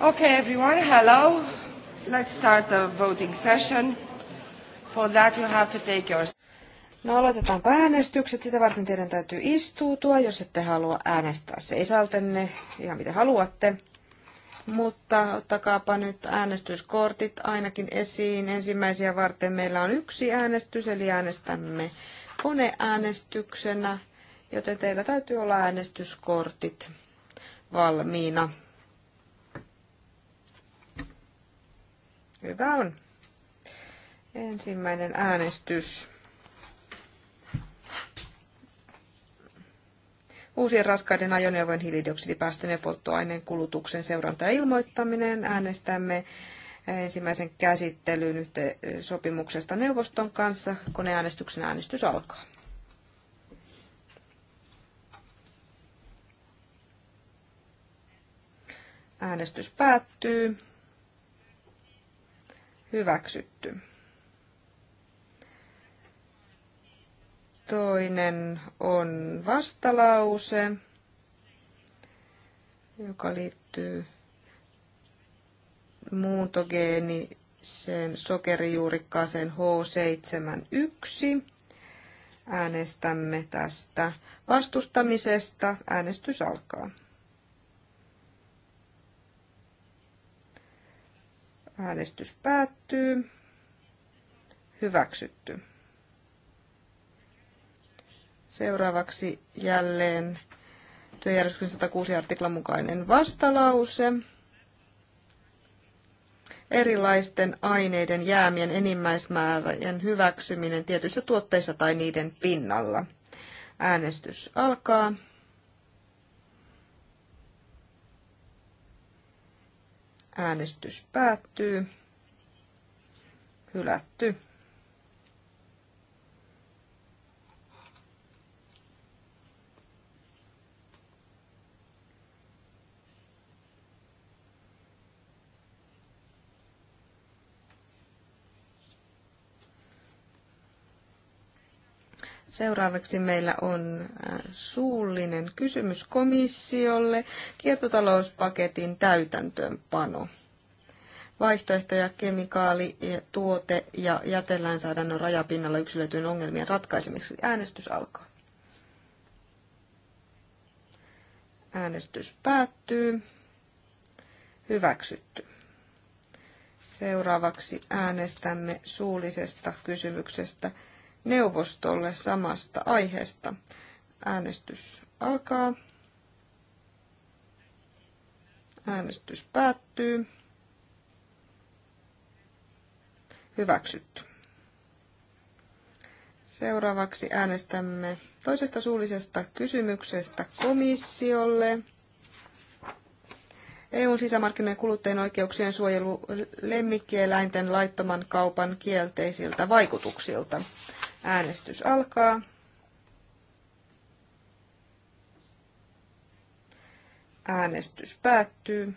Okay, everyone, hello. Let's start the voting session. For that you have to take your... No aloitetaan äänestykset. Sitä varten teidän täytyy istuutua, jos ette halua äänestää seisaltenne, ihan mitä haluatte. Mutta ottakaapa nyt äänestyskortit ainakin esiin. Ensimmäisiä varten meillä on yksi äänestys, eli äänestämme koneäänestyksenä, joten teillä täytyy olla äänestyskortit valmiina. Hyvä on. Ensimmäinen äänestys. Uusien raskaiden ajoneuvojen hiilidioksidipäästön ja polttoaineen kulutuksen seuranta ja ilmoittaminen. Äänestämme ensimmäisen käsittelyn sopimuksesta neuvoston kanssa. Koneäänestyksen äänestys alkaa. Äänestys päättyy hyväksytty. Toinen on vastalause, joka liittyy muuntogeeniseen sokerijuurikkaaseen H71. Äänestämme tästä vastustamisesta. Äänestys alkaa. Äänestys päättyy. Hyväksytty. Seuraavaksi jälleen työjärjestyksen 106 artiklan mukainen vastalause. Erilaisten aineiden jäämien enimmäismäärän hyväksyminen tietyissä tuotteissa tai niiden pinnalla. Äänestys alkaa. Äänestys päättyy. Hylätty. Seuraavaksi meillä on äh, suullinen kysymys komissiolle, kiertotalouspaketin täytäntöönpano. Vaihtoehtoja kemikaali-, tuote- ja jätelainsäädännön rajapinnalla yksilöityjen ongelmien ratkaisemiseksi. Äänestys alkaa. Äänestys päättyy. Hyväksytty. Seuraavaksi äänestämme suullisesta kysymyksestä neuvostolle samasta aiheesta. Äänestys alkaa. Äänestys päättyy. Hyväksytty. Seuraavaksi äänestämme toisesta suullisesta kysymyksestä komissiolle. EUn sisämarkkinoiden kuluttajien oikeuksien suojelu lemmikkieläinten laittoman kaupan kielteisiltä vaikutuksilta. Äänestys alkaa. Äänestys päättyy.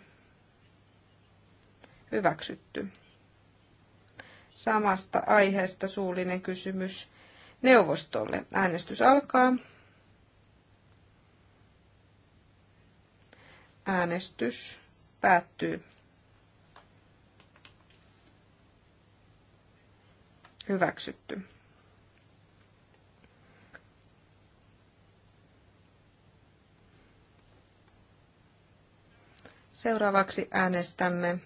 Hyväksytty. Samasta aiheesta suullinen kysymys neuvostolle. Äänestys alkaa. Äänestys päättyy. Hyväksytty. Seuraavaksi äänestämme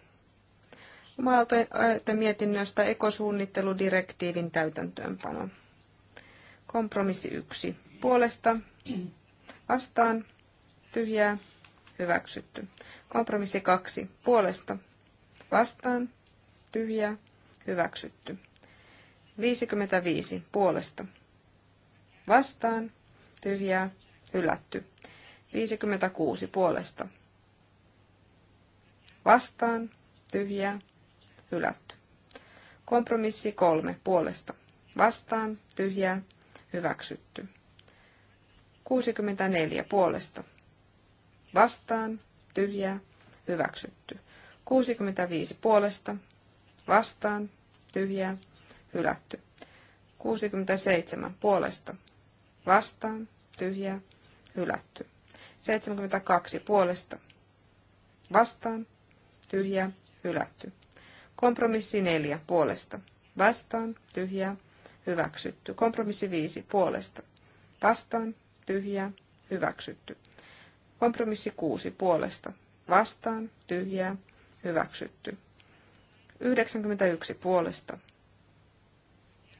Maaltojen mietinnöstä ekosuunnitteludirektiivin täytäntöönpano. Kompromissi 1. Puolesta, vastaan, tyhjää, hyväksytty. Kompromissi 2. Puolesta, vastaan, tyhjää, hyväksytty. 55. Puolesta, vastaan, tyhjää, hylätty. 56. Puolesta, vastaan, tyhjä hylätty. Kompromissi kolme puolesta, vastaan, tyhjä hyväksytty. 64 puolesta, vastaan, tyhjä hyväksytty. 65 puolesta, vastaan, tyhjä hylätty. 67 puolesta, vastaan, tyhjä hylätty. 72 puolesta, vastaan, tyhjää, hylätty. Kompromissi neljä puolesta, vastaan, tyhjää, hyväksytty. Kompromissi viisi puolesta, vastaan, tyhjää, hyväksytty. Kompromissi kuusi puolesta, vastaan, tyhjää, hyväksytty. 91 puolesta,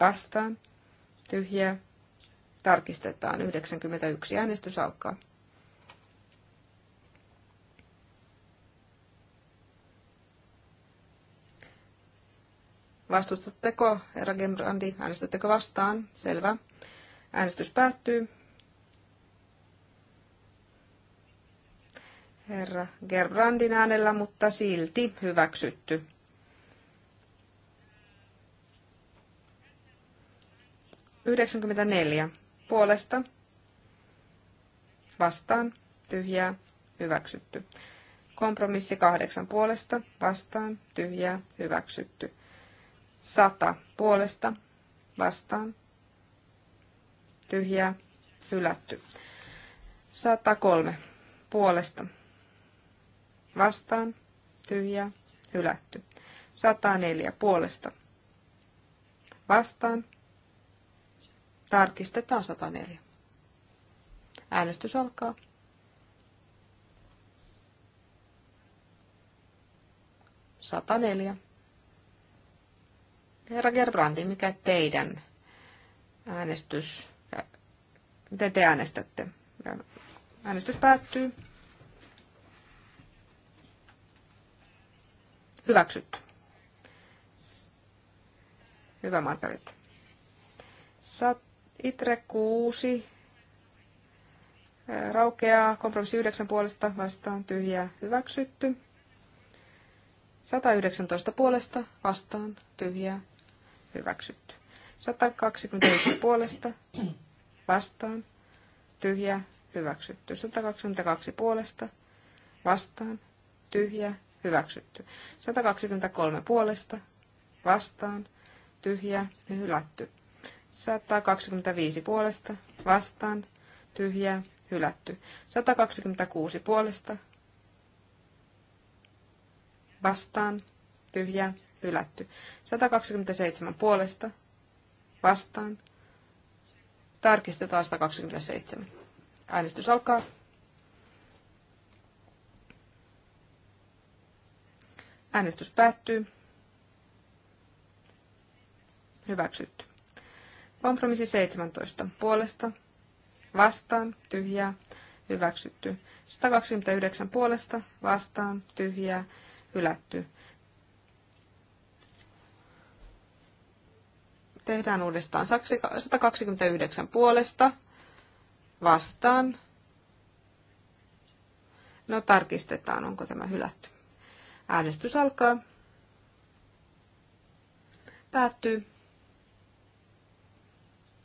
vastaan, tyhjää, tarkistetaan 91 äänestys alkaa. Vastustatteko, herra Gembrandi? Äänestättekö vastaan? Selvä. Äänestys päättyy. Herra Gerbrandin äänellä, mutta silti hyväksytty. Yhdeksänkymmentäneljä. Puolesta. Vastaan. Tyhjää. Hyväksytty. Kompromissi kahdeksan puolesta. Vastaan. Tyhjää. Hyväksytty sata puolesta vastaan tyhjää hylätty. 103 puolesta vastaan tyhjää hylätty. 104 puolesta vastaan tarkistetaan 104. Äänestys alkaa. Sataneljä. Herra Gerbrandi, mikä teidän äänestys, miten te äänestätte? Äänestys päättyy. Hyväksytty. Hyvä Margaret. Itre 6. Raukeaa. Kompromissi 9 puolesta vastaan tyhjää. Hyväksytty. 119 puolesta vastaan tyhjää hyväksytty. 121 puolesta vastaan tyhjä hyväksytty. 122 puolesta vastaan tyhjä hyväksytty. 123 puolesta vastaan tyhjä hylätty. 125 puolesta vastaan tyhjä hylätty. 126 puolesta vastaan tyhjä hylätty. 127 puolesta vastaan. Tarkistetaan 127. Äänestys alkaa. Äänestys päättyy. Hyväksytty. Kompromissi 17. Puolesta. Vastaan. Tyhjää. Hyväksytty. 129 puolesta. Vastaan. Tyhjää. Hylätty. tehdään uudestaan 129 puolesta vastaan. No tarkistetaan, onko tämä hylätty. Äänestys alkaa. Päättyy.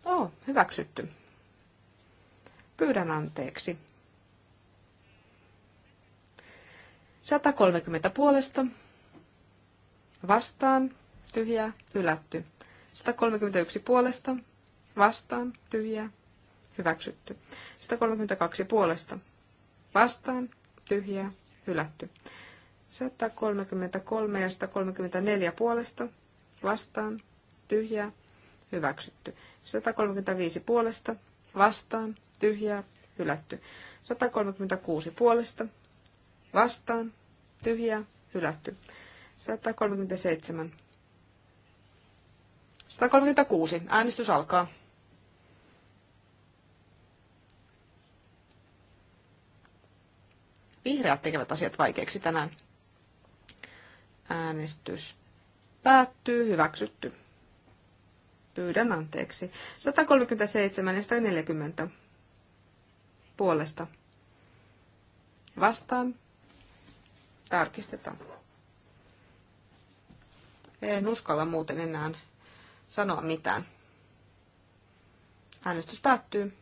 Oh, hyväksytty. Pyydän anteeksi. 130 puolesta. Vastaan. Tyhjää. Hylätty. 131 puolesta, vastaan, tyhjää, hyväksytty. 132 puolesta, vastaan, tyhjää, hylätty. 133 ja 134 puolesta, vastaan, tyhjää, hyväksytty. 135 puolesta, vastaan, tyhjää, hylätty. 136 puolesta, vastaan, tyhjää, hylätty. 137 136. Äänestys alkaa. Vihreät tekevät asiat vaikeiksi tänään. Äänestys päättyy. Hyväksytty. Pyydän anteeksi. 137 ja 140 puolesta. Vastaan. Tarkistetaan. En uskalla muuten enää sanoa mitään. Äänestys päättyy.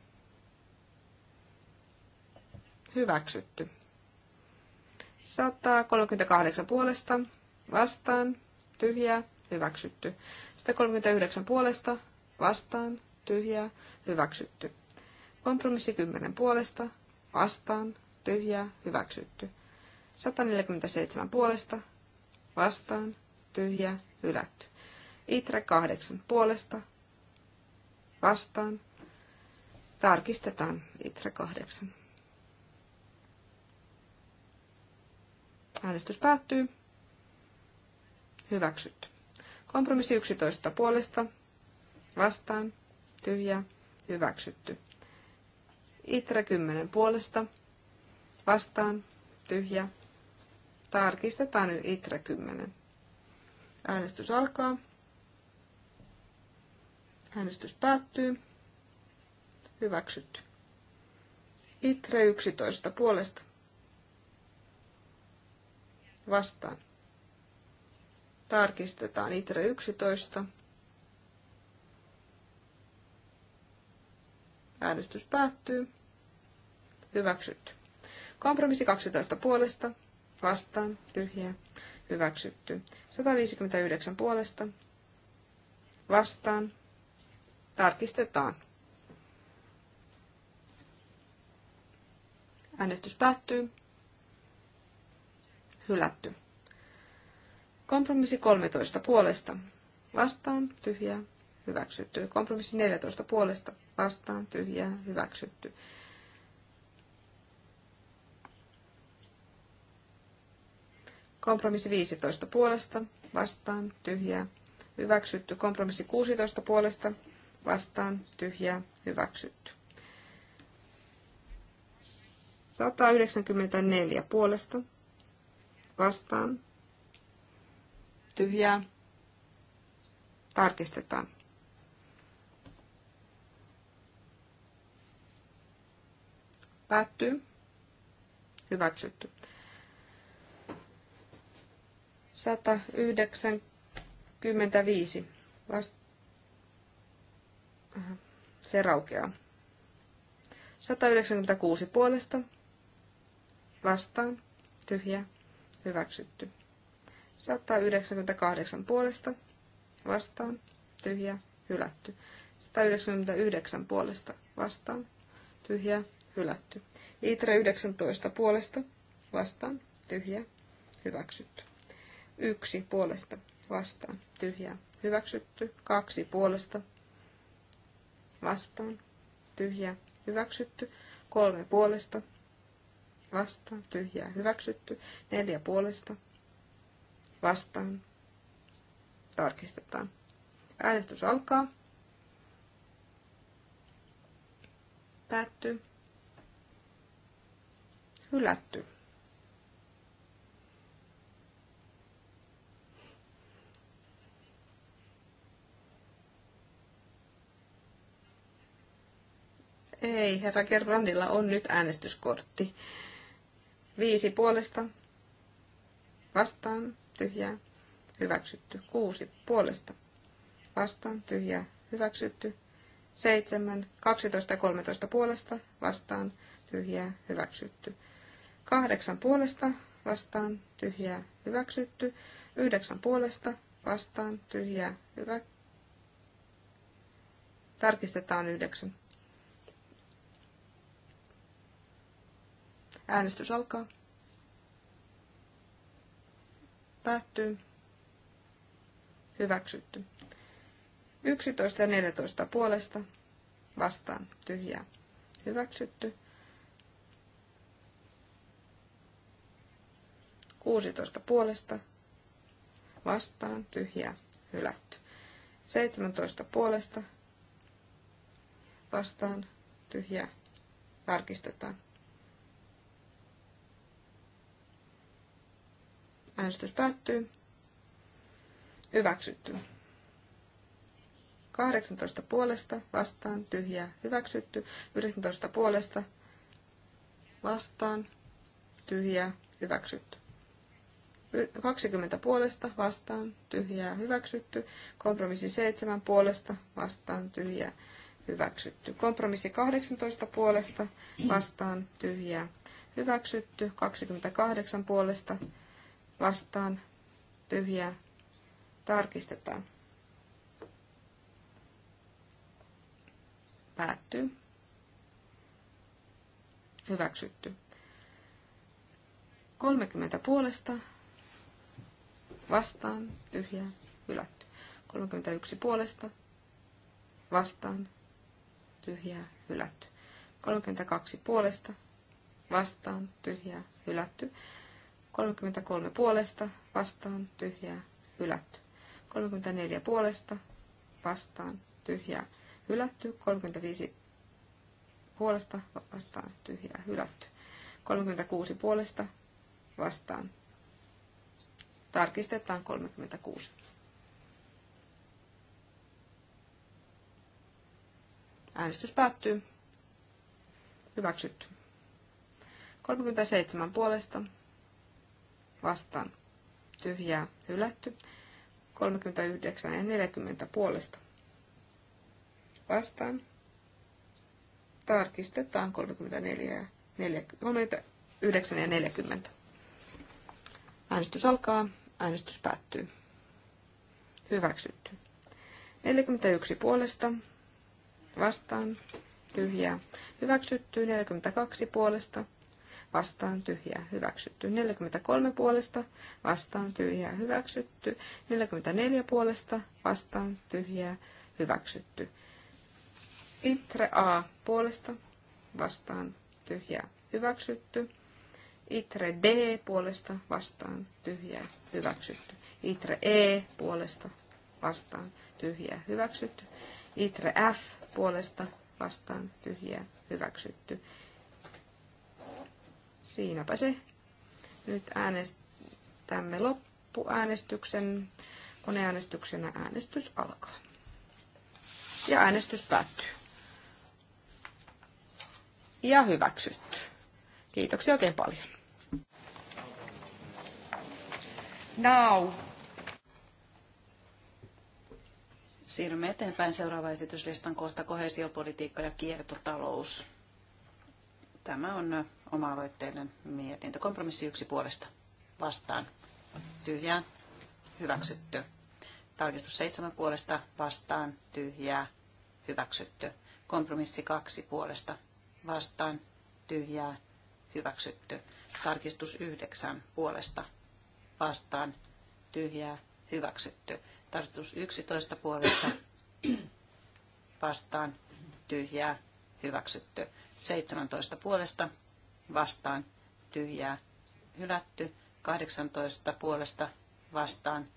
Hyväksytty. 138 puolesta vastaan, tyhjää, hyväksytty. 139 puolesta vastaan, tyhjää, hyväksytty. Kompromissi 10 puolesta vastaan, tyhjää, hyväksytty. 147 puolesta vastaan, tyhjää, hylätty. Itre 8 puolesta vastaan. Tarkistetaan Itre 8. Äänestys päättyy. Hyväksytty. Kompromissi 11 puolesta vastaan. Tyhjä. Hyväksytty. Itre 10 puolesta vastaan. Tyhjä. Tarkistetaan Itre 10. Äänestys alkaa. Äänestys päättyy. Hyväksytty. Itre 11 puolesta. Vastaan. Tarkistetaan Itre 11. Äänestys päättyy. Hyväksytty. Kompromissi 12 puolesta. Vastaan. Tyhjä. Hyväksytty. 159 puolesta. Vastaan. Tarkistetaan. Äänestys päättyy. Hylätty. Kompromissi 13 puolesta. Vastaan tyhjää. Hyväksytty. Kompromissi 14 puolesta. Vastaan tyhjää. Hyväksytty. Kompromissi 15 puolesta. Vastaan tyhjää. Hyväksytty. Kompromissi 16 puolesta vastaan tyhjää hyväksytty. 194 puolesta vastaan tyhjää tarkistetaan. Päättyy. Hyväksytty. 195 vastaan se raukeaa. 196 puolesta. Vastaan. Tyhjä. Hyväksytty. 198 puolesta. Vastaan. Tyhjä. Hylätty. 199 puolesta. Vastaan. Tyhjä. Hylätty. Itre 19 puolesta. Vastaan. Tyhjä. Hyväksytty. Yksi puolesta. Vastaan. Tyhjä. Hyväksytty. Kaksi puolesta vastaan, tyhjää, hyväksytty. Kolme puolesta, vastaan, tyhjää, hyväksytty. Neljä puolesta, vastaan, tarkistetaan. Äänestys alkaa. Päättyy. Hylätty. Ei, herra Gerbrandilla on nyt äänestyskortti. Viisi puolesta. Vastaan. Tyhjää. Hyväksytty. Kuusi puolesta. Vastaan. Tyhjää. Hyväksytty. Seitsemän. kaksitoista ja kolmetoista puolesta. Vastaan. Tyhjää. Hyväksytty. Kahdeksan puolesta. Vastaan. Tyhjää. Hyväksytty. Yhdeksän puolesta. Vastaan. Tyhjää. Hyvä. Tarkistetaan yhdeksän. Äänestys alkaa. Päättyy. Hyväksytty. 11 ja 14 puolesta vastaan tyhjää. Hyväksytty. 16 puolesta vastaan tyhjää. Hylätty. 17 puolesta vastaan tyhjää. Tarkistetaan. Äänestys päättyy. Hyväksytty. 18 puolesta vastaan Tyhjä. hyväksytty. 19 puolesta vastaan Tyhjä. hyväksytty. 20 puolesta vastaan tyhjää hyväksytty. Kompromissi 7 puolesta vastaan tyhjää hyväksytty. Kompromissi 18 puolesta vastaan tyhjää hyväksytty. 28 puolesta vastaan, vastaan tyhjää tarkistetaan. Päättyy. Hyväksytty. 30 puolesta vastaan tyhjää hylätty. 31 puolesta vastaan tyhjää hylätty. 32 puolesta vastaan tyhjää hylätty. 33 puolesta vastaan tyhjää hylätty. 34 puolesta vastaan tyhjää hylätty. 35 puolesta vastaan tyhjää hylätty. 36 puolesta vastaan. Tarkistetaan 36. Äänestys päättyy. Hyväksytty. 37 puolesta vastaan tyhjää hylätty. 39 ja 40 puolesta vastaan. Tarkistetaan 34 ja 40, 9 ja 40. Äänestys alkaa, äänestys päättyy. Hyväksytty. 41 puolesta vastaan tyhjää. Hyväksytty 42 puolesta vastaan tyhjää hyväksytty. 43 puolesta vastaan tyhjää hyväksytty. 44 puolesta vastaan tyhjää hyväksytty. Itre A puolesta vastaan tyhjää hyväksytty. Itre D puolesta vastaan tyhjää hyväksytty. Itre E puolesta vastaan tyhjää hyväksytty. Itre F puolesta vastaan tyhjää hyväksytty. Siinäpä se. Nyt äänestämme loppuäänestyksen. Koneäänestyksenä äänestys alkaa. Ja äänestys päättyy. Ja hyväksytty. Kiitoksia oikein paljon. Now. Siirrymme eteenpäin. Seuraava esityslistan kohta kohesiopolitiikka ja kiertotalous. Tämä on oma-aloitteinen mietintö. Kompromissi yksi puolesta vastaan. Tyhjää. Hyväksytty. Tarkistus seitsemän puolesta vastaan. Tyhjää. Hyväksytty. Kompromissi kaksi puolesta vastaan. Tyhjää. Hyväksytty. Tarkistus yhdeksän puolesta vastaan. Tyhjää. Hyväksytty. Tarkistus yksitoista puolesta vastaan. Tyhjää. Hyväksytty. 17 puolesta vastaan tyhjää hylätty. 18 puolesta vastaan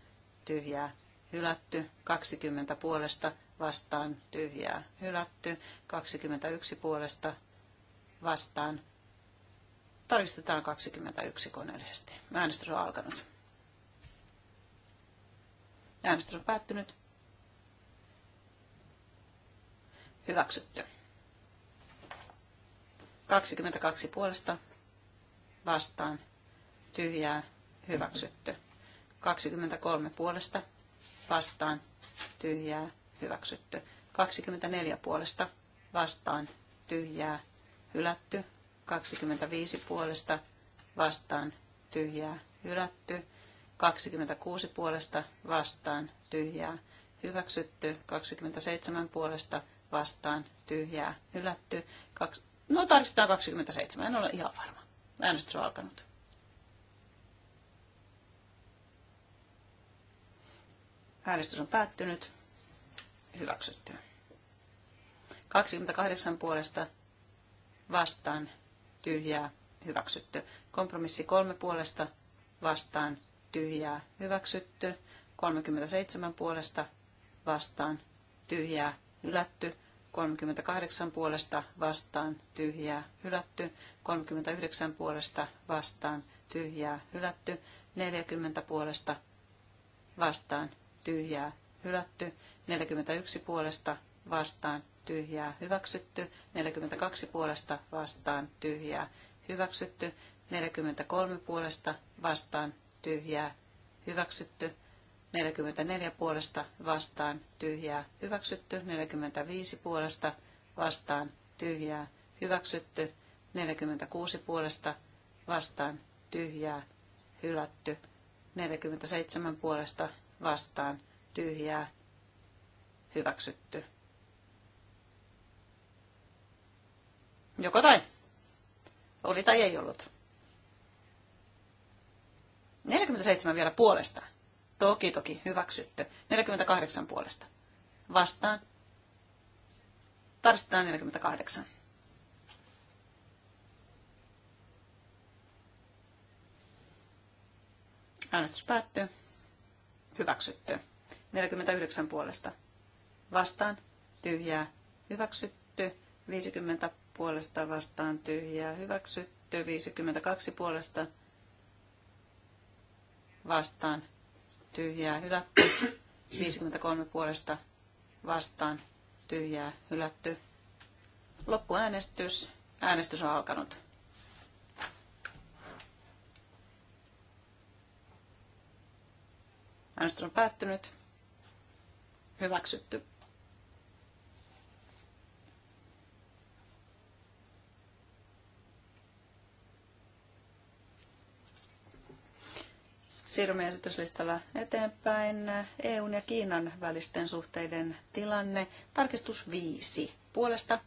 tyhjää hylätty. 20 puolesta vastaan tyhjää hylätty. 21 puolesta vastaan. Tarkistetaan 21 koneellisesti. Äänestys on alkanut. Äänestys on päättynyt. Hyväksytty. 22 puolesta vastaan tyhjää hyväksytty. 23 puolesta vastaan tyhjää hyväksytty. 24 puolesta vastaan tyhjää hylätty. 25 puolesta vastaan tyhjää hylätty. 26 puolesta vastaan tyhjää hyväksytty. 27 puolesta vastaan tyhjää hylätty. No tarkistetaan 27, en ole ihan varma. Äänestys on alkanut. Äänestys on päättynyt. Hyväksytty. 28 puolesta vastaan tyhjää hyväksytty. Kompromissi 3 puolesta vastaan tyhjää hyväksytty. 37 puolesta vastaan tyhjää hylätty. 38 puolesta vastaan tyhjää hylätty, 39 puolesta vastaan tyhjää hylätty, 40 puolesta vastaan tyhjää hylätty, 41 puolesta vastaan tyhjää hyväksytty, 42 puolesta vastaan tyhjää hyväksytty, 43 puolesta vastaan tyhjää hyväksytty, 44 puolesta vastaan tyhjää hyväksytty, 45 puolesta vastaan tyhjää hyväksytty, 46 puolesta vastaan tyhjää hylätty, 47 puolesta vastaan tyhjää hyväksytty. Joko tai. Oli tai ei ollut. 47 vielä puolestaan. Toki, toki, hyväksytty. 48 puolesta. Vastaan. Tarstetaan 48. Äänestys päättyy. Hyväksytty. 49 puolesta. Vastaan. Tyhjää. Hyväksytty. 50 puolesta vastaan tyhjää. Hyväksytty. 52 puolesta vastaan tyhjää hylätty. 53 puolesta vastaan tyhjää hylätty. Loppuäänestys. Äänestys on alkanut. Äänestys on päättynyt. Hyväksytty. Siirrymme esityslistalla eteenpäin. EUn ja Kiinan välisten suhteiden tilanne. Tarkistus 5. Puolesta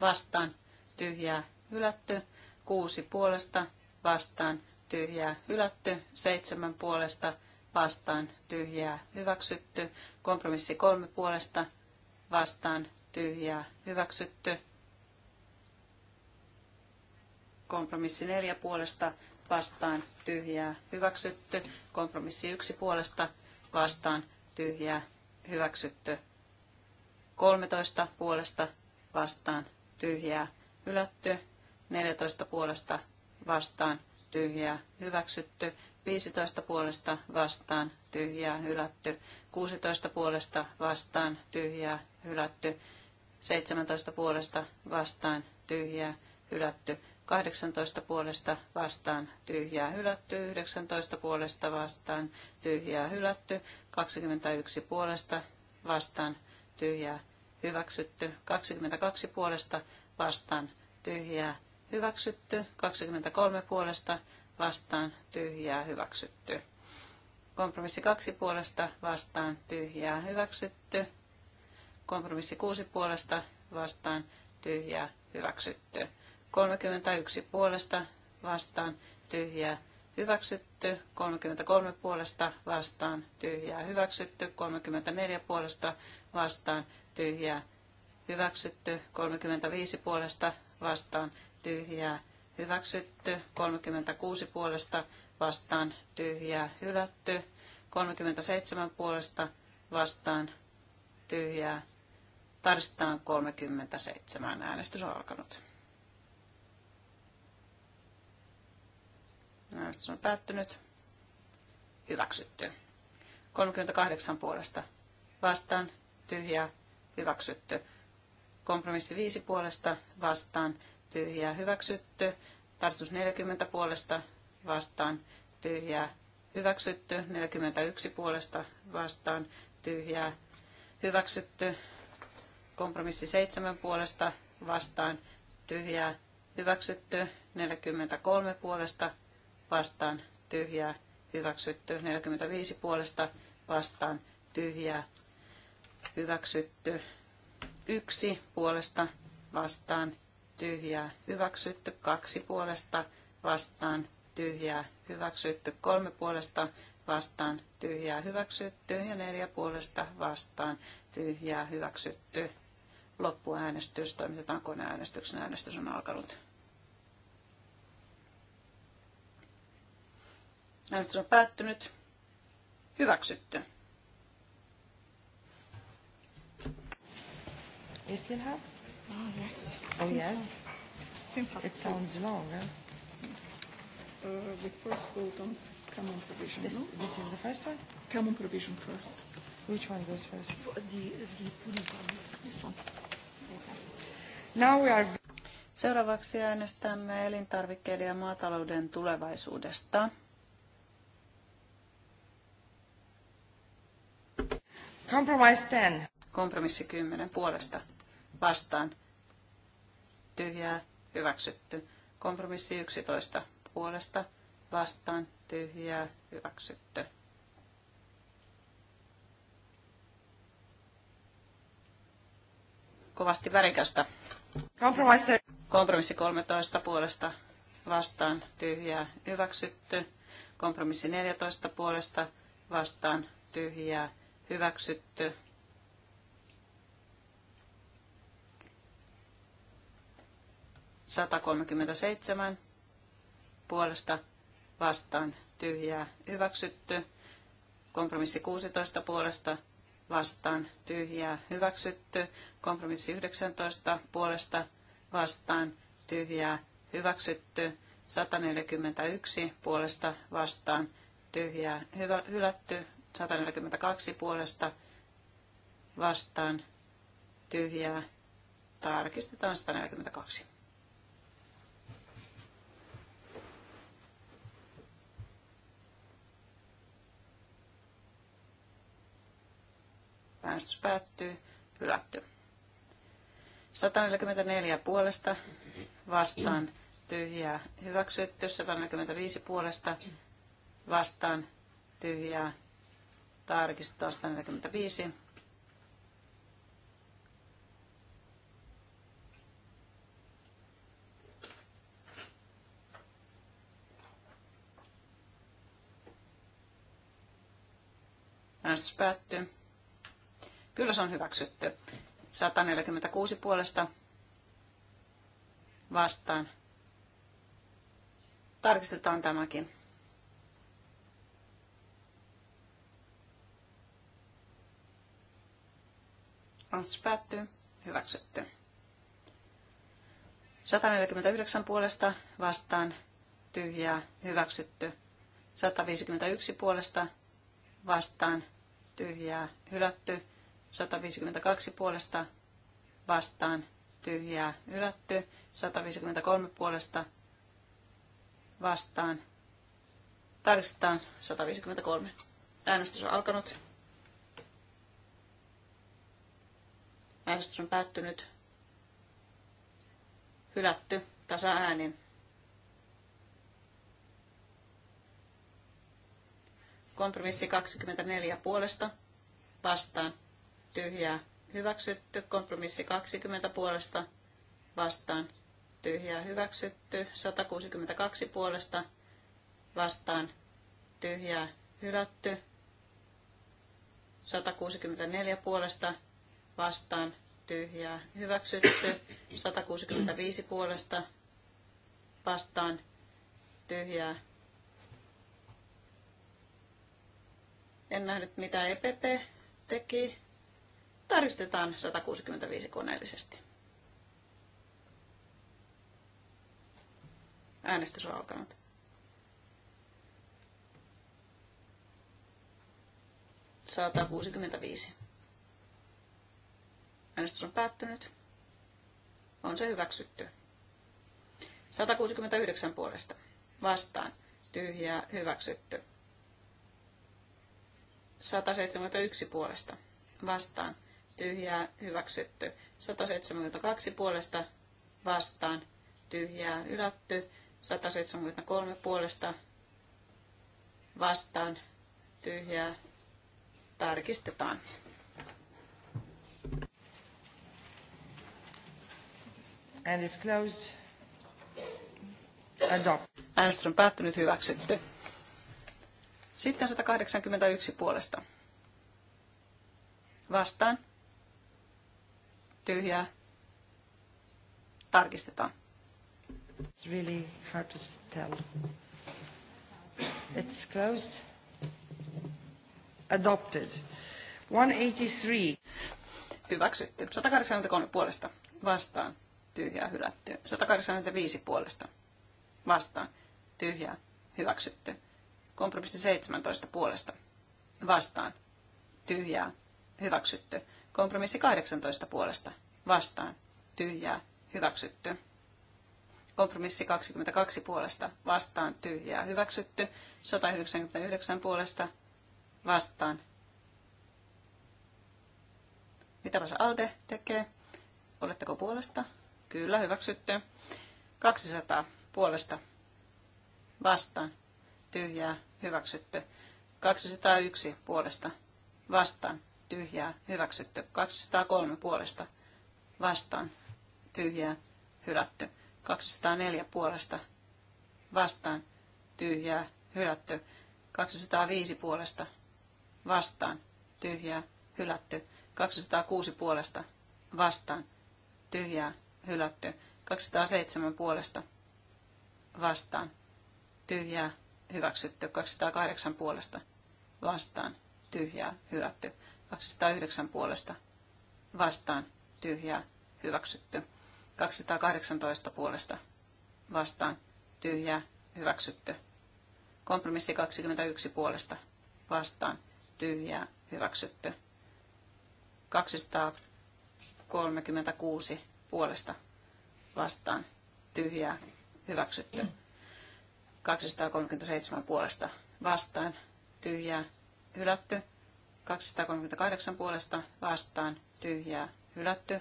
vastaan tyhjää hylätty. 6 puolesta vastaan tyhjää hylätty. 7 puolesta vastaan tyhjää hyväksytty. Kompromissi 3 puolesta vastaan tyhjää hyväksytty. Kompromissi 4 puolesta vastaan tyhjää hyväksytty. Kompromissi yksi puolesta vastaan tyhjää hyväksytty. 13 puolesta vastaan tyhjää hylätty. 14 puolesta vastaan tyhjää hyväksytty. 15 puolesta vastaan tyhjää hylätty. 16 puolesta vastaan tyhjää hylätty. 17 puolesta vastaan tyhjää hylätty. 18 puolesta vastaan tyhjää hylätty, 19 puolesta vastaan tyhjää hylätty, 21 puolesta vastaan tyhjää hyväksytty, 22 puolesta vastaan tyhjää hyväksytty, 23 puolesta vastaan tyhjää hyväksytty. Kompromissi 2 puolesta vastaan tyhjää hyväksytty. Kompromissi 6 puolesta vastaan tyhjää hyväksytty. 31 puolesta vastaan tyhjää hyväksytty, 33 puolesta vastaan tyhjää hyväksytty, 34 puolesta vastaan tyhjää hyväksytty, 35 puolesta vastaan tyhjää hyväksytty, 36 puolesta vastaan tyhjää hylätty, 37 puolesta vastaan tyhjää. Tarvitaan 37 äänestys on alkanut. Äänestys on päättynyt. Hyväksytty. 38 puolesta. Vastaan. Tyhjää. Hyväksytty. Kompromissi 5 puolesta. Vastaan. Tyhjää. Hyväksytty. Tarkistus 40 puolesta. Vastaan. Tyhjää. Hyväksytty. 41 puolesta. Vastaan. Tyhjää. Hyväksytty. Kompromissi 7 puolesta. Vastaan. Tyhjää. Hyväksytty. 43 puolesta vastaan tyhjää hyväksytty. 45 puolesta vastaan tyhjää hyväksytty. 1 puolesta vastaan tyhjää hyväksytty. 2 puolesta vastaan tyhjää hyväksytty. 3 puolesta vastaan tyhjää hyväksytty ja 4 puolesta vastaan tyhjää hyväksytty. Loppuäänestys toimitetaan koneäänestyksen. Äänestys on alkanut. Äänestys on päättynyt. Hyväksytty. You still have? Oh, yes. Oh, yes. It sounds long, eh? Yes. Uh, we first vote on common provision, this, no? This is the first one? Common provision first. Which one goes first? The, the pulling one. This one. Okay. Now we are... Seuraavaksi äänestämme elintarvikkeiden ja maatalouden tulevaisuudesta. Compromise 10. Kompromissi 10 puolesta vastaan. Tyhjää hyväksytty. Kompromissi 11 puolesta vastaan. Tyhjää hyväksytty. Kovasti värikästä. Kompromissi. Kompromissi 13 puolesta vastaan. Tyhjää hyväksytty. Kompromissi 14 puolesta vastaan. Tyhjää hyväksytty. Sata kolmekymmentäseitsemän puolesta vastaan tyhjää hyväksytty. Kompromissi 16 puolesta vastaan tyhjää hyväksytty. Kompromissi 19 puolesta vastaan tyhjää hyväksytty. 141 puolesta vastaan tyhjää hyvä, hylätty. 142 puolesta vastaan tyhjää. Tarkistetaan 142. Äänestys päättyy. Hylätty. 144 puolesta vastaan tyhjää hyväksytty, 145 puolesta vastaan tyhjää tarkistaa 145. Äänestys päättyy. Kyllä se on hyväksytty. 146 puolesta vastaan. Tarkistetaan tämäkin. Äänestys päättyy. Hyväksytty. 149 puolesta vastaan tyhjää hyväksytty. 151 puolesta vastaan tyhjää hylätty. 152 puolesta vastaan tyhjää hylätty. 153 puolesta vastaan. Tarkistetaan 153. Äänestys on alkanut. Äänestys on päättynyt. Hylätty. Tasa äänin. Kompromissi 24 puolesta. Vastaan. Tyhjää. Hyväksytty. Kompromissi 20 puolesta. Vastaan. Tyhjää. Hyväksytty. 162 puolesta. Vastaan. Tyhjää. Hylätty. 164 puolesta vastaan tyhjää hyväksytty. 165 puolesta vastaan tyhjää. En nähnyt mitä EPP teki. Tarkistetaan 165 koneellisesti. Äänestys on alkanut. Sata kuusikymmentäviisi. Äänestys on päättynyt. On se hyväksytty. 169 puolesta. Vastaan. Tyhjää hyväksytty. 171 puolesta. Vastaan. Tyhjää hyväksytty. 172 puolesta. Vastaan. Tyhjää ylätty. 173 puolesta. Vastaan. Tyhjää tarkistetaan. And it's closed. Äänestys päättynyt hyväksytty. Sitten 181 puolesta. Vastaan. Tyhjää. Tarkistetaan. It's really hard to tell. It's closed. Adopted. 183. Hyväksytty. 183 puolesta. Vastaan tyhjää hylätty. 185 puolesta vastaan tyhjää hyväksytty. Kompromissi 17 puolesta vastaan tyhjää hyväksytty. Kompromissi 18 puolesta vastaan tyhjää hyväksytty. Kompromissi 22 puolesta vastaan tyhjää hyväksytty. 199 puolesta vastaan. mitä se Alde tekee? Oletteko puolesta? Kyllä, hyväksytty. 200 puolesta vastaan. Tyhjää, hyväksytty. 201 puolesta vastaan. Tyhjää, hyväksytty. 203 puolesta vastaan. Tyhjää, hylätty. 204 puolesta vastaan. Tyhjää, hylätty. 205 puolesta vastaan. Tyhjää, hylätty. 206 puolesta vastaan. Tyhjää, hylätty. 207 puolesta vastaan. Tyhjää hyväksytty. 208 puolesta vastaan. Tyhjää hylätty. 209 puolesta vastaan. Tyhjää hyväksytty. 218 puolesta vastaan. Tyhjää hyväksytty. Kompromissi 21 puolesta vastaan. Tyhjää hyväksytty. 236 puolesta vastaan tyhjää hyväksytty. 237 puolesta vastaan tyhjää hylätty. 238 puolesta vastaan tyhjää hylätty.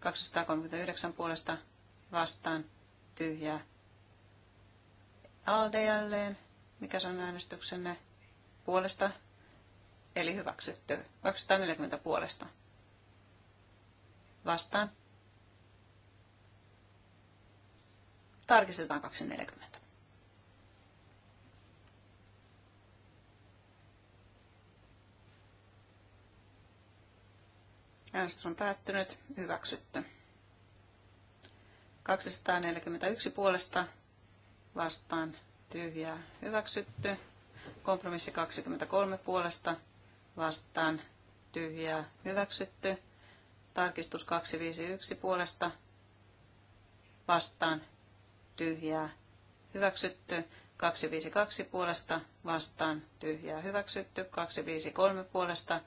239 puolesta vastaan tyhjää. Alde jälleen, mikä on äänestyksenne puolesta, eli hyväksytty. 240 puolesta vastaan Tarkistetaan 240. Äänestys on päättynyt. Hyväksytty. 241 puolesta vastaan tyhjää hyväksytty. Kompromissi 23 puolesta vastaan tyhjää hyväksytty. Tarkistus 251 puolesta vastaan tyhjää hyväksytty. 252 puolesta vastaan tyhjää hyväksytty. 253 puolesta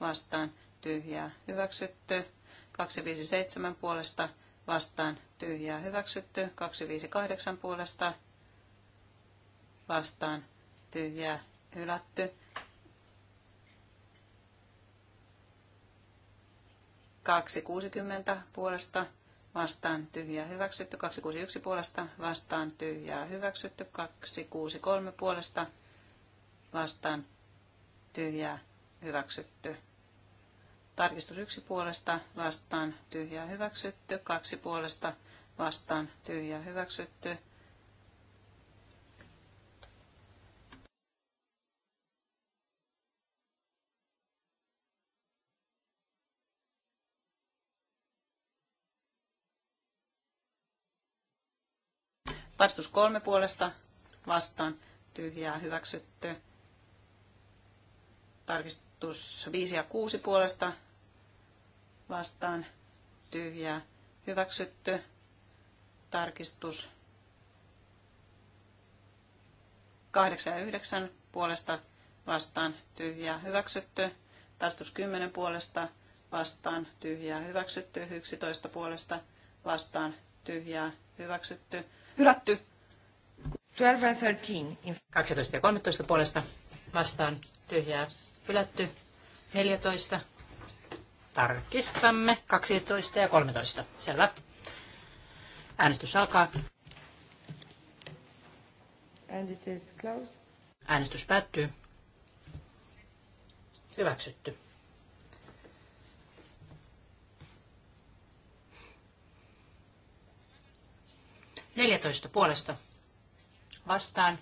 vastaan tyhjää hyväksytty. 257 puolesta vastaan tyhjää hyväksytty. 258 puolesta vastaan tyhjää hylätty. 260 puolesta vastaan tyhjää hyväksytty, 261 puolesta vastaan tyhjää hyväksytty, 263 puolesta vastaan tyhjää hyväksytty. Tarkistus yksi puolesta vastaan tyhjää hyväksytty, kaksi puolesta vastaan tyhjää hyväksytty, Vastus kolme puolesta vastaan tyhjää hyväksytty. Tarkistus 5 ja 6 puolesta vastaan tyhjää hyväksytty. Tarkistus 8 ja 9 puolesta vastaan tyhjää hyväksytty. Tarkistus 10 puolesta vastaan tyhjää hyväksytty. 11 puolesta vastaan tyhjää hyväksytty. Hylätty. 12 ja 13. 12 ja 13 puolesta vastaan tyhjää hylätty. 14. Tarkistamme 12 ja 13. Selvä. Äänestys alkaa. And it is closed. Äänestys päättyy. Hyväksytty. 14 puolesta vastaan.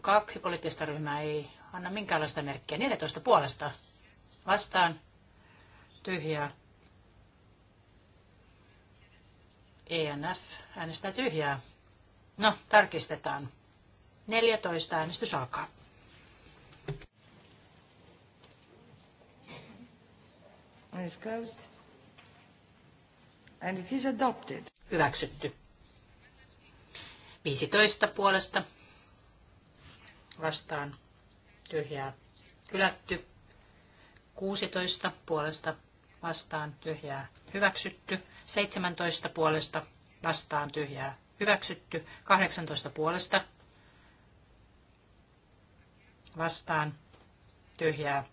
Kaksi poliittista ryhmää ei anna minkäänlaista merkkiä. 14 puolesta vastaan. Tyhjää. ENF äänestää tyhjää. No, tarkistetaan. 14 äänestys alkaa. Äänestys closed. And it is adopted. Hyväksytty. 15 puolesta vastaan tyhjää hylätty. 16 puolesta vastaan tyhjää hyväksytty. 17 puolesta vastaan tyhjää hyväksytty. 18 puolesta vastaan tyhjää.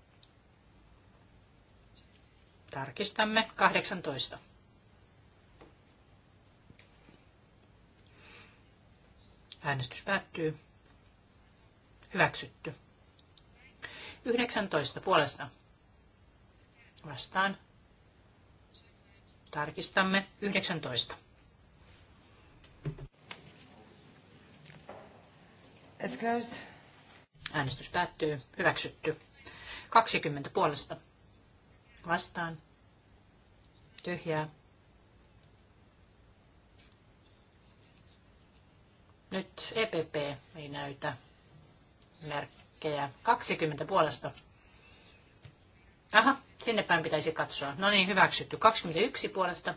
Tarkistamme 18. Äänestys päättyy. Hyväksytty. 19 puolesta. Vastaan. Tarkistamme 19. Äänestys päättyy. Hyväksytty. 20 puolesta. Vastaan. Tyhjää. Nyt EPP ei näytä merkkejä. 20 puolesta. Aha, sinne päin pitäisi katsoa. No niin, hyväksytty. 21 puolesta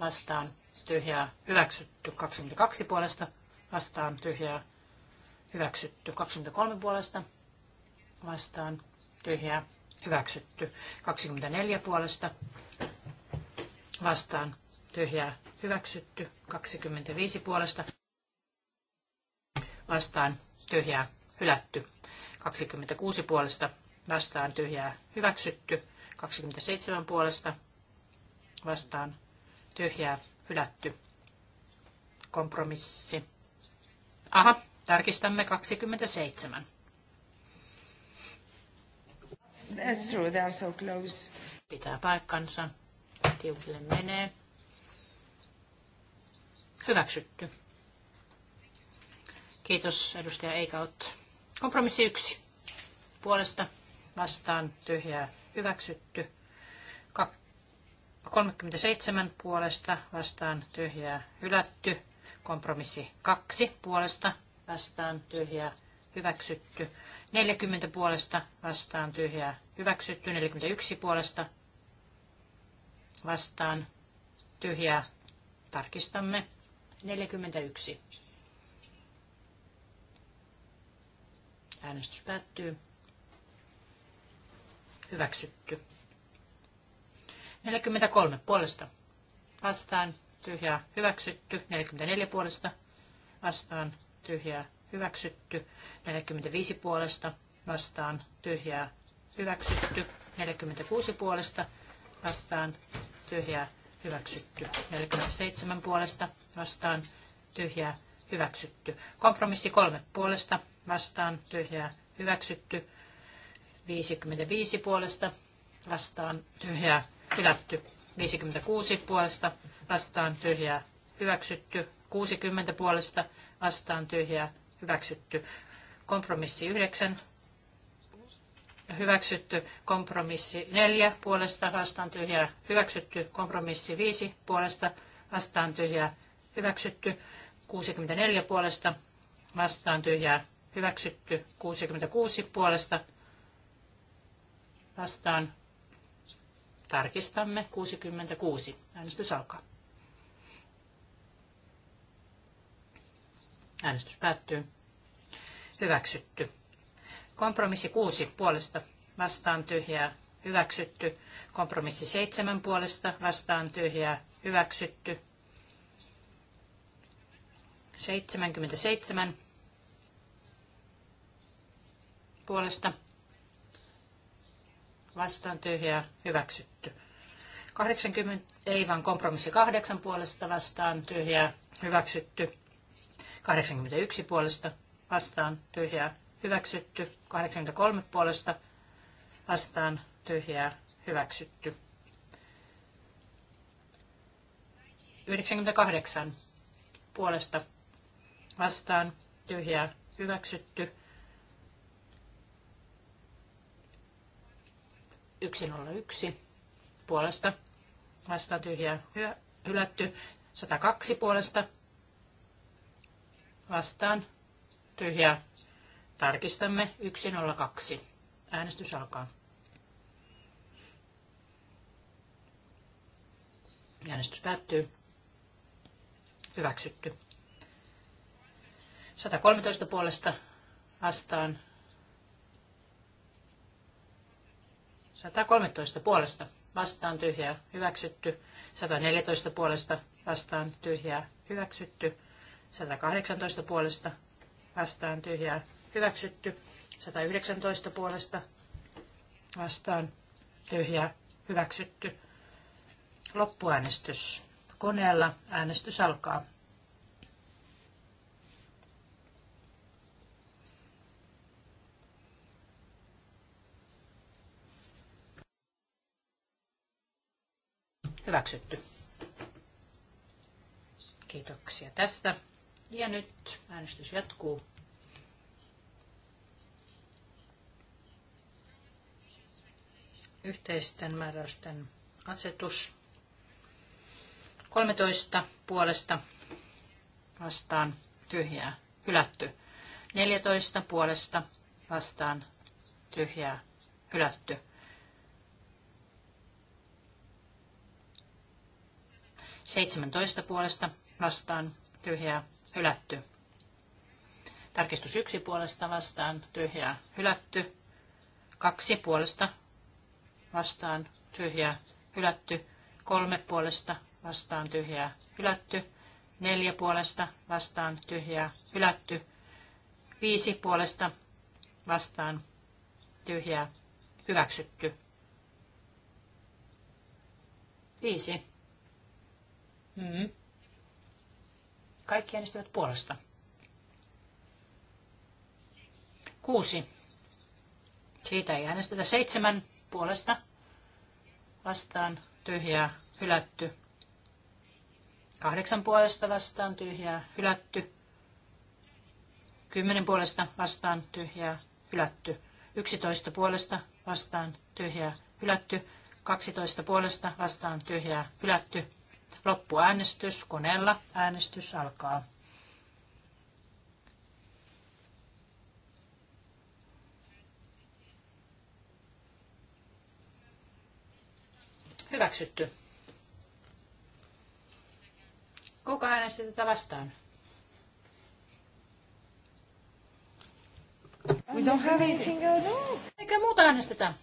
vastaan tyhjää. Hyväksytty. 22 puolesta vastaan tyhjää. Hyväksytty. 23 puolesta vastaan tyhjää. Hyväksytty. 24 puolesta vastaan tyhjää. Hyväksytty. 25 puolesta vastaan tyhjää hylätty. 26 puolesta vastaan tyhjää hyväksytty. 27 puolesta vastaan tyhjää hylätty. Kompromissi. Aha, tarkistamme 27. That's true, they are so close. Pitää paikkansa. Tiukille menee. Hyväksytty. Kiitos edustaja Eikaut. Kompromissi yksi. Puolesta vastaan tyhjää hyväksytty. 37 puolesta vastaan tyhjää hylätty. Kompromissi 2 puolesta vastaan tyhjää hyväksytty. 40 puolesta vastaan tyhjää hyväksytty. 41 puolesta vastaan tyhjää tarkistamme. 41. Äänestys päättyy. Hyväksytty. 43 puolesta. Vastaan. Tyhjää. Hyväksytty. 44 puolesta. Vastaan. Tyhjää. Hyväksytty. 45 puolesta. Vastaan. Tyhjää. Hyväksytty. 46 puolesta. Vastaan. Tyhjää. Hyväksytty. 47 puolesta. Vastaan. Tyhjää. Hyväksytty. Kompromissi kolme puolesta vastaan tyhjää hyväksytty. 55 puolesta vastaan tyhjää hylätty. 56 puolesta vastaan tyhjää hyväksytty. 60 puolesta vastaan tyhjää hyväksytty. Kompromissi 9 hyväksytty kompromissi neljä puolesta vastaan tyhjää, hyväksytty kompromissi viisi puolesta vastaan tyhjää, hyväksytty 64 puolesta vastaan tyhjää, hyväksytty 66 puolesta vastaan. Tarkistamme 66. Äänestys alkaa. Äänestys päättyy. Hyväksytty. Kompromissi 6 puolesta vastaan tyhjää. Hyväksytty. Kompromissi 7 puolesta vastaan tyhjää. Hyväksytty. 77 puolesta vastaan tyhjää hyväksytty. 80 ei vaan kompromissi 8 puolesta vastaan tyhjää hyväksytty. 81 puolesta vastaan tyhjää hyväksytty. 83 puolesta vastaan tyhjää hyväksytty. 98 puolesta vastaan tyhjää hyväksytty. 101 puolesta vastaan tyhjää hylätty. 102 puolesta vastaan tyhjää. Tarkistamme 102. Äänestys alkaa. Äänestys päättyy. Hyväksytty. 113 puolesta vastaan 113 puolesta vastaan tyhjää hyväksytty. 114 puolesta vastaan tyhjää hyväksytty. 118 puolesta vastaan tyhjää hyväksytty. 119 puolesta vastaan tyhjää hyväksytty. Loppuäänestys. Koneella äänestys alkaa. Hyväksytty. Kiitoksia tästä. Ja nyt äänestys jatkuu. Yhteisten määräysten asetus. 13 puolesta vastaan tyhjää hylätty. 14 puolesta vastaan tyhjää hylätty. 17 puolesta vastaan tyhjää hylätty. Tarkistus 1 puolesta vastaan tyhjää hylätty. 2 puolesta vastaan tyhjää hylätty. 3 puolesta vastaan tyhjää hylätty. 4 puolesta vastaan tyhjää hylätty. 5 puolesta vastaan tyhjää hyväksytty. 5 Mm. Kaikki äänestivät puolesta. Kuusi. Siitä ei äänestetä. Seitsemän puolesta. Vastaan tyhjää, hylätty. Kahdeksan puolesta vastaan tyhjää, hylätty. Kymmenen puolesta vastaan tyhjää, hylätty. Yksitoista puolesta vastaan tyhjää, hylätty. Kaksitoista puolesta vastaan tyhjää, hylätty. Loppuäänestys koneella. Äänestys alkaa. Hyväksytty. Kuka äänesti tätä vastaan? We don't have anything else. Eikä muuta äänestetä.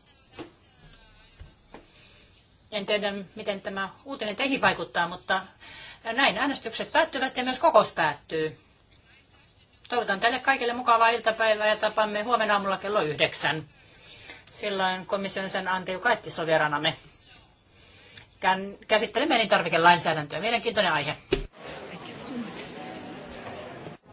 En tiedä, miten tämä uutinen teihin vaikuttaa, mutta näin äänestykset päättyvät ja myös kokous päättyy. Toivotan teille kaikille mukavaa iltapäivää ja tapamme huomenna aamulla kello yhdeksän. Silloin komission sen Andriu Kaittis on vieraanamme. Käsittelemme elintarvikelainsäädäntöä. Mielenkiintoinen aihe.